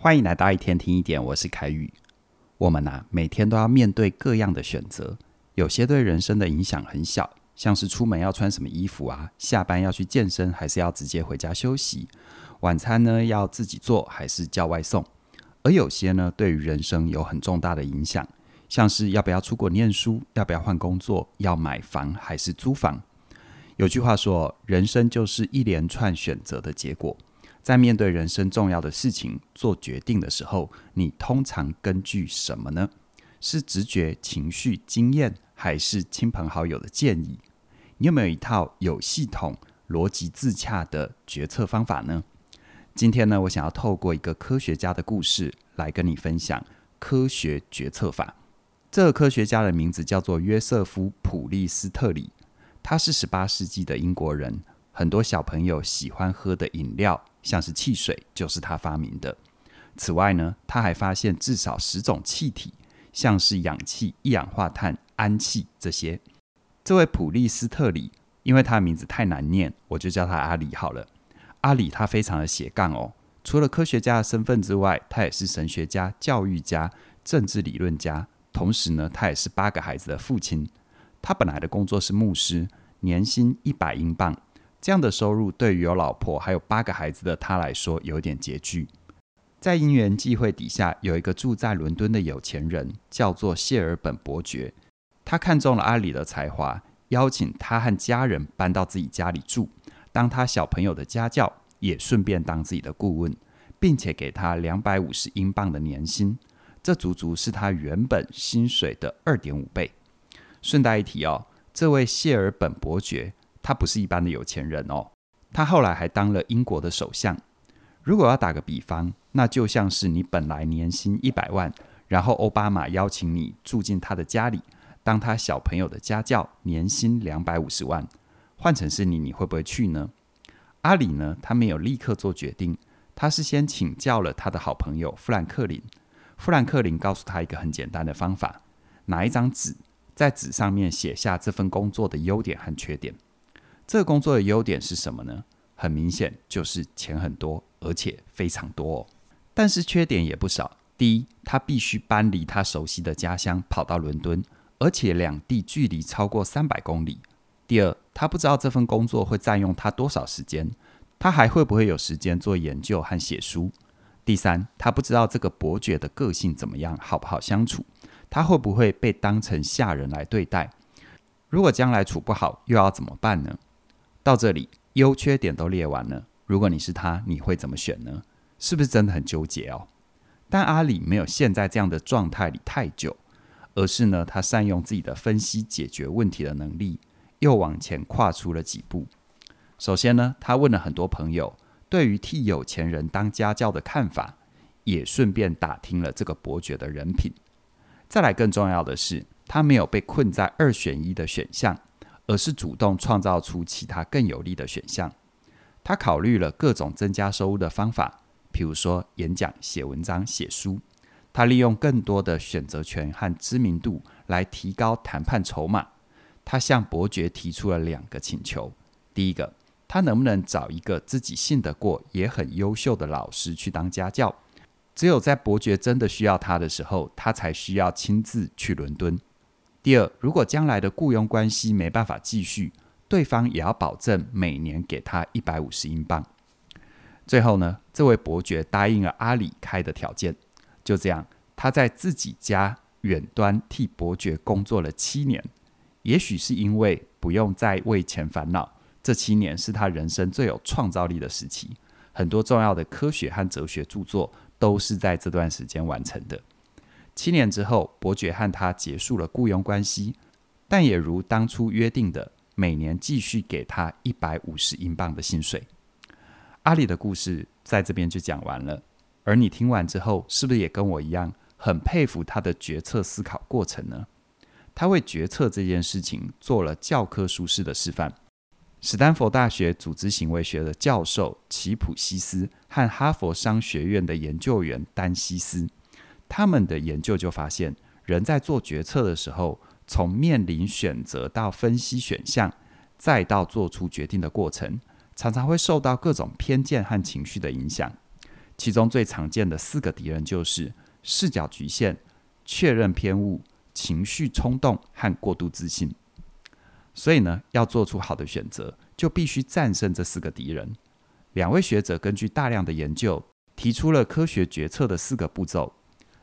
歡迎來到一天聽一點，我是凱宇。我們吶、啊，每天都要面對各樣的選擇，有些對人生的影響很小，像是出門要穿什麼衣服啊，下班要去健身還是要直接回家休息，晚餐呢要自己做還是叫外送。而有些呢對於人生有很重大的影響，像是要不要出國念書，要不要換工作，要買房還是租房。有句話說，人生就是一連串選擇的結果。在面對人生重要的事情做決定的時候，你通常根據什麼呢？是直覺、情緒、經驗，還是親朋好友的建議？你有沒有一套有系統、邏輯自洽的決策方法呢？今天呢，我想要透過一個科學家的故事來跟你分享科學決策法。這個科學家的名字叫做約瑟夫·普利斯特里，他是十八世紀的英國人。很多小朋友喜歡喝的飲料，像是汽水，就是他發明的。此外呢，他還發現至少十種氣體，像是氧氣、一氧化碳、氨氣這些。這位普利斯特里，因為他的名字太難念，我就叫他阿里好了。阿里他非常的斜槓哦，除了科學家的身份之外，他也是神學家、教育家、政治理論家，同時呢，他也是八個孩子的父親。他本來的工作是牧師，年薪一百英鎊。這樣的收入對於有老婆還有八個孩子的他來說，有點拮據。在因緣際會底下，有一個住在倫敦的有錢人，叫做謝爾本伯爵。他看中了阿里的才華，邀請他和家人搬到自己家裡住，當他小朋友的家教，也順便當自己的顧問，並且給他兩百五十英鎊的年薪，這足足是他原本薪水的二點五倍。順帶一提哦，這位謝爾本伯爵。他不是一般的有錢人哦。他後來還當了英國的首相。如果要打個比方，那就像是你本來年薪一百萬，然後奧巴馬邀請你住進他的家裡，當他小朋友的家教，年薪兩百五十萬。換成是你，你會不會去呢？阿里呢？他沒有立刻做決定，他是先請教了他的好朋友富蘭克林。富蘭克林告訴他一個很簡單的方法：拿一張紙，在紙上面寫下這份工作的優點和缺點。這個工作的優點是什麼呢？很明顯就是錢很多，而且非常多哦。但是缺點也不少。第一，他必須搬離他熟悉的家鄉，跑到倫敦，而且兩地距離超過三百公里。第二，他不知道這份工作會占用他多少時間，他還會不會有時間做研究和寫書？第三，他不知道這個伯爵的個性怎麼樣，好不好相處？他會不會被當成下人來對待？如果將來處不好，又要怎麼辦呢？到這裡，優缺點都列完了。如果你是他，你會怎麼選呢？是不是真的很糾結哦？但阿里沒有陷在這樣的狀態裡太久，而是呢，他善用自己的分析解決問題的能力，又往前跨出了幾步。首先呢，他問了很多朋友，對於替有錢人當家教的看法，也順便打聽了這個伯爵的人品。再來更重要的是，他沒有被困在二選一的選項。而是主動創造出其他更有利的選項。他考慮了各種增加收入的方法，譬如說演講、寫文章、寫書。他利用更多的選擇權和知名度來提高談判籌碼。他向伯爵提出了兩個請求：第一個，他能不能找一個自己信得過也很優秀的老師去當家教？只有在伯爵真的需要他的時候，他才需要親自去倫敦。第二，如果將來的僱傭關係沒辦法繼續，對方也要保證每年給他一百五十英鎊。最後呢，這位伯爵答應了阿里開的條件。就這樣，他在自己家遠端替伯爵工作了七年。也許是因為不用再為錢煩惱，這七年是他人生最有創造力的時期。很多重要的科學和哲學著作都是在這段時間完成的。七年之後，伯爵和他結束了僱傭關係，但也如當初約定的，每年繼續給他一百五十英鎊的薪水。阿里的故事在這邊就講完了，而你聽完之後，是不是也跟我一樣很佩服他的決策思考過程呢？他為決策這件事情做了教科書式的示範。史丹佛大學組織行為學的教授奇普希思和哈佛商學院的研究員丹希思。他們的研究就發現，人在做決策的時候，從面臨選擇到分析選項，再到做出決定的過程，常常會受到各種偏見和情緒的影響。其中最常見的四個敵人就是視角局限、確認偏誤、情緒衝動和過度自信。所以呢，要做出好的選擇，就必須戰勝這四個敵人。兩位學者根據大量的研究，提出了科學決策的四個步驟。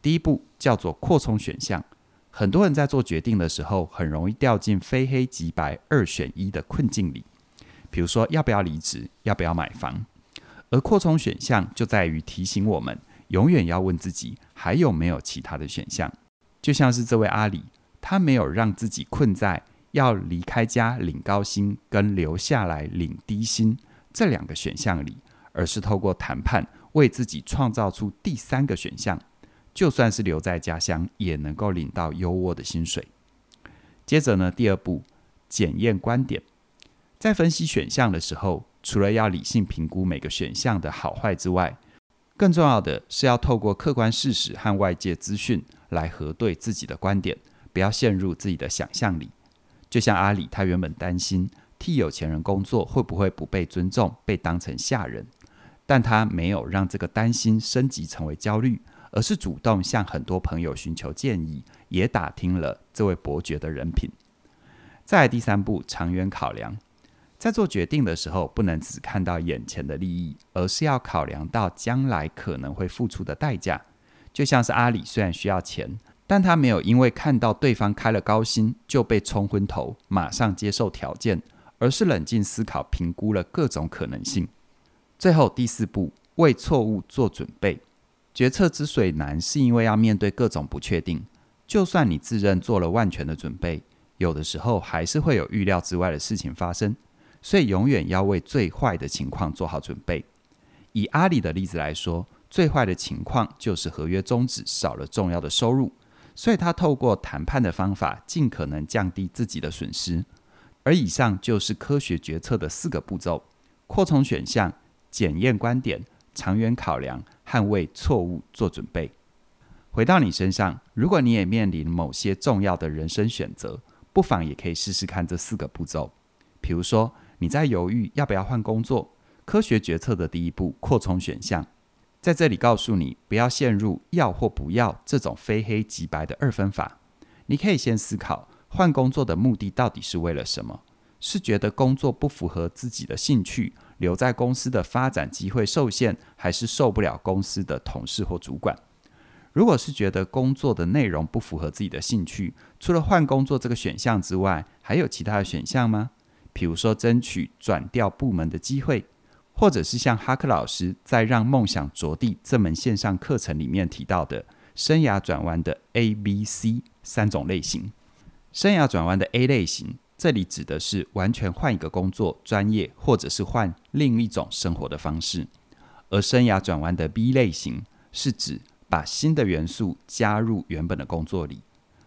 第一步叫做擴充選項。很多人在做決定的時候，很容易掉進非黑即白、二選一的困境裡。比如說，要不要離職，要不要買房？而擴充選項就在於提醒我們，永遠要問自己還有沒有其他的選項。就像是這位阿里，他沒有讓自己困在要離開家領高薪跟留下來領低薪這兩個選項裡，而是透過談判為自己創造出第三個選項。就算是留在家鄉，也能夠領到優渥的薪水。接着呢，第二步檢驗觀點。在分析選項的時候，除了要理性評估每個選項的好壞之外，更重要的是要透過客觀事實和外界資訊來核對自己的觀點，不要陷入自己的想象裡。就像阿里，他原本擔心替有錢人工作會不會不被尊重，被當成下人，但他沒有讓這個擔心升級成為焦慮。而是主動向很多朋友尋求建議，也打聽了這位伯爵的人品。再第三步，長遠考量，在做決定的時候，不能只看到眼前的利益，而是要考量到將來可能會付出的代價。就像是阿里，雖然需要錢，但他沒有因為看到對方開了高薪就被沖昏頭，馬上接受條件，而是冷靜思考，評估了各種可能性。最後第四步，為錯誤做準備。決策之所以難，是因為要面對各種不確定。就算你自認做了萬全的準備，有的時候還是會有預料之外的事情發生，所以永遠要為最壞的情況做好準備。以阿里的例子來說，最壞的情況就是合約終止，少了重要的收入，所以他透過談判的方法，盡可能降低自己的損失。而以上就是科學決策的四個步驟：擴充選項、檢驗觀點。長遠考量、和為錯誤做準備。回到你身上，如果你也面臨某些重要的人生選擇，不妨也可以試試看這四個步驟。比如說，你在猶豫要不要換工作，科學決策的第一步，擴充選項。在這裡，告訴你不要陷入“要”或“不要”這種非黑即白的二分法。你可以先思考，換工作的目的到底是為了什麼？是覺得工作不符合自己的興趣？留在公司的發展機會受限，還是受不了公司的同事或主管？如果是覺得工作的內容不符合自己的興趣，除了換工作這個選項之外，還有其他的選項嗎？比如說爭取轉調部門的機會，或者是像哈克老師在《讓夢想着地》這門線上課程裡面提到的，生涯轉彎的 A、B、C 三種類型。生涯轉彎的 A 類型，這裡指的是完全換一個工作專業，或者是換另一種生活的方式。而生涯轉彎的 B 類型是指把新的元素加入原本的工作裡。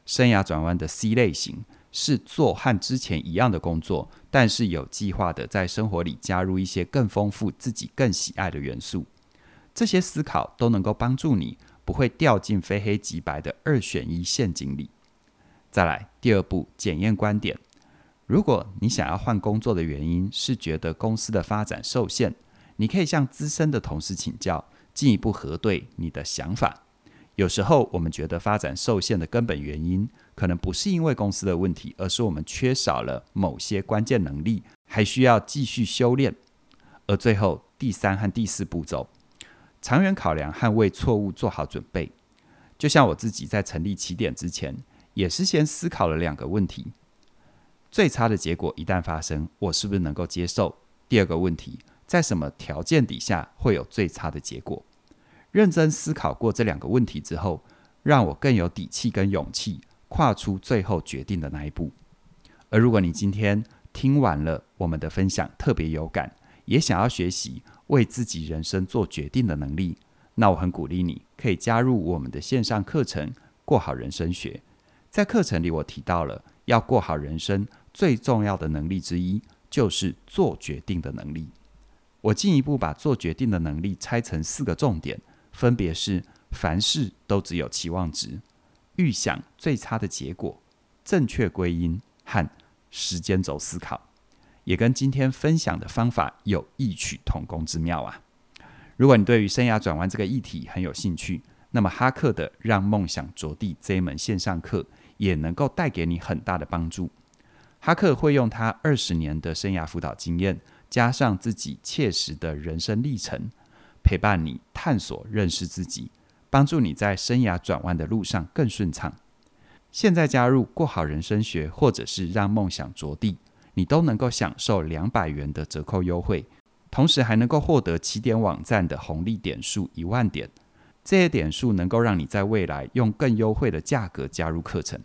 生涯轉彎的 C 類型是做和之前一樣的工作，但是有計劃的在生活裡加入一些更豐富、自己更喜愛的元素。這些思考都能夠幫助你不會掉進非黑即白的二選一陷阱裡。再來第二步，檢驗觀點。如果你想要換工作的原因是覺得公司的發展受限，你可以向資深的同事請教，進一步核對你的想法。有時候我們覺得發展受限的根本原因，可能不是因為公司的問題，而是我們缺少了某些關鍵能力，還需要繼續修煉。而最後第三和第四步驟，長遠考量和為錯誤做好準備。就像我自己在成立啟點之前，也是先思考了兩個問題。最差的結果一旦發生，我是不是能夠接受？第二個問題，在什麼條件底下會有最差的結果？認真思考過這兩個問題之後，讓我更有底氣跟勇氣跨出最後決定的那一步。而如果你今天聽完了我們的分享，特別有感，也想要學習為自己人生做決定的能力，那我很鼓勵你可以加入我們的線上課程《過好人生學》。在課程裡，我提到了要過好人生。最重要的能力之一就是做決定的能力。我進一步把做決定的能力拆成四個重點，分別是：凡事都只有期望值、預想最差的結果、正確歸因和時間軸思考。也跟今天分享的方法有異曲同工之妙啊！如果你對於生涯轉彎這個議題很有興趣，那麼哈克的《讓夢想着地》這一門線上課也能夠帶給你很大的幫助。哈克會用他二十年的生涯輔導經驗，加上自己切實的人生歷程，陪伴你探索、認識自己，幫助你在生涯轉彎的路上更順暢。現在加入“過好人生學”或者是“讓夢想着地”，你都能夠享受兩百元的折扣優惠，同時還能夠獲得啟點網站的紅利點數一萬點。這些點數能夠讓你在未來用更優惠的價格加入課程。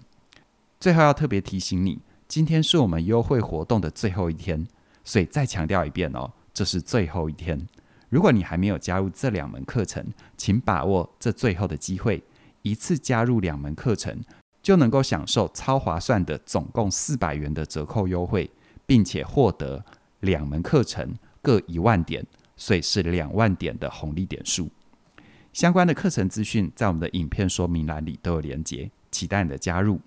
最後要特別提醒你。今天是我們優惠活動的最後一天，所以再強調一遍哦，這是最後一天。如果你還沒有加入這兩門課程，請把握這最後的機會，一次加入兩門課程，就能夠享受超划算的總共四百元的折扣優惠，並且獲得兩門課程各一萬點，所以是兩萬點的紅利點數。相關的課程資訊在我們的影片說明欄裡都有連結，期待你的加入。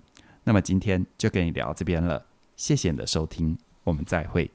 那麼今天就跟你聊到這邊了，謝謝你的收聽，我們再會。